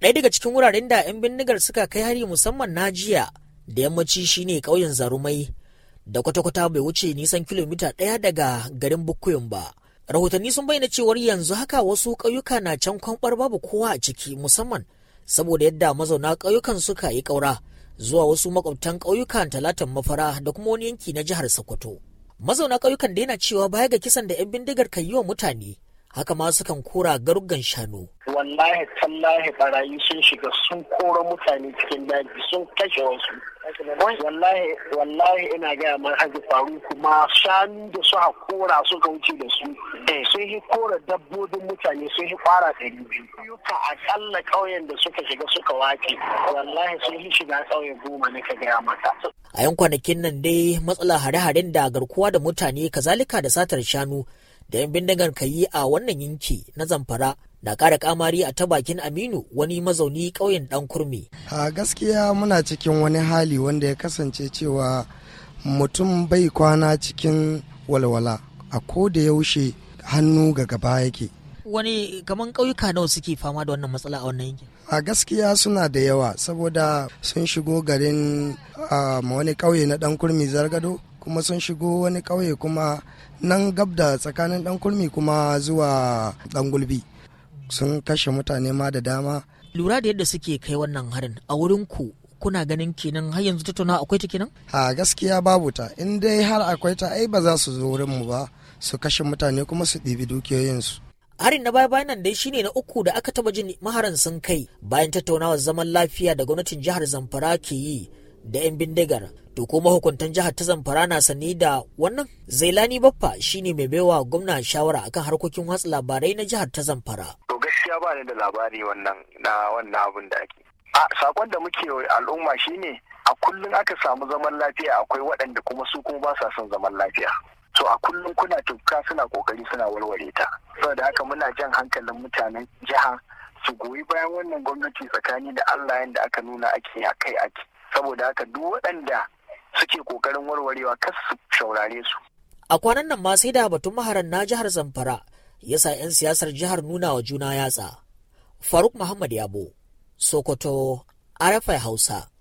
ɗaya daga cikin wuraren da 'yan bindigar suka kai hari musamman na jiya da yammaci shine ƙauyen zarumai da kwata-kwata bai wuce nisan kilomita ɗaya daga garin bukuyin ba rahotanni sun bayyana cewar yanzu haka wasu ƙauyuka na can kwamɓar babu kowa a ciki musamman saboda yadda mazauna ƙauyukan suka yi ƙaura zuwa wasu makwabtan ƙauyukan talatan mafara da kuma wani yanki na jihar sokoto mazauna ƙauyukan da yana cewa baya ga kisan da 'yan bindigar kan yi wa mutane haka ma sukan kora garugan shanu wallahi tallahi barayi sun shiga sun kora mutane cikin daji sun kashe wasu wallahi wallahi ina gaya man haji faru kuma shanu da su kora su wuce da su eh, sun yi kora dabbobin mutane sun yi fara ɗari biyu a akalla ƙauyen da suka shiga suka wake. wallahi sun yi shiga ƙauye goma na ka gaya maka a yan kwanakin nan dai matsala hare-haren da garkuwa da mutane kazalika da satar shanu da 'yan bindigar ka yi a wannan yanki na zamfara na kara kamari a ta bakin aminu wani mazauni ƙauyen dan kurmi a gaskiya muna cikin wani hali wanda ya kasance cewa mutum bai kwana cikin walwala a ko da yaushe hannu ga gaba yake wani kaman ƙauyuka nawa suke fama da wannan matsala a wannan yanki a gaskiya suna da yawa saboda sun shigo garin ah, wani ƙauye na dan kurmi zargado kuma sun shigo wani ƙauye kuma nan gab da tsakanin ɗan kurmi kuma zuwa ɗan gulbi sun kashe mutane ma da dama lura da yadda suke kai wannan harin a wurin ku kuna ganin kenan har yanzu tattauna akwai ta kenan a gaskiya babu ta in dai har akwai ta ai ba za su zo wurin mu ba su kashe mutane kuma su ɗibi dukiyoyinsu harin na baya bayanan dai shine na uku da aka taba jin maharan sun kai bayan tattaunawar zaman lafiya da gwamnatin jihar zamfara ke yi da 'yan bindigar to kuma hukuntan jihar ta zamfara na sani da wannan zailani baffa shine mai baiwa gwamna shawara akan harkokin watsa labarai na jihar ta zamfara to gaskiya ba ni da labari wannan na wannan abin da ake a sakon da muke al'umma shine a kullum aka samu zaman lafiya akwai waɗanda kuma su kuma ba sa son zaman lafiya To a kullum kuna tuka suna kokari suna warware ta saboda haka muna jan hankalin mutanen jiha su goyi bayan wannan gwamnati tsakani da Allah yadda aka nuna ake akai ake saboda haka duk waɗanda suke ƙoƙarin warwarewa kas su shaurare su. A kwanan nan ma sai da batun maharan na jihar Zamfara ya sa 'yan siyasar jihar nuna wa juna yatsa. Faruk Muhammad Yabo, Sokoto, Arafai Hausa.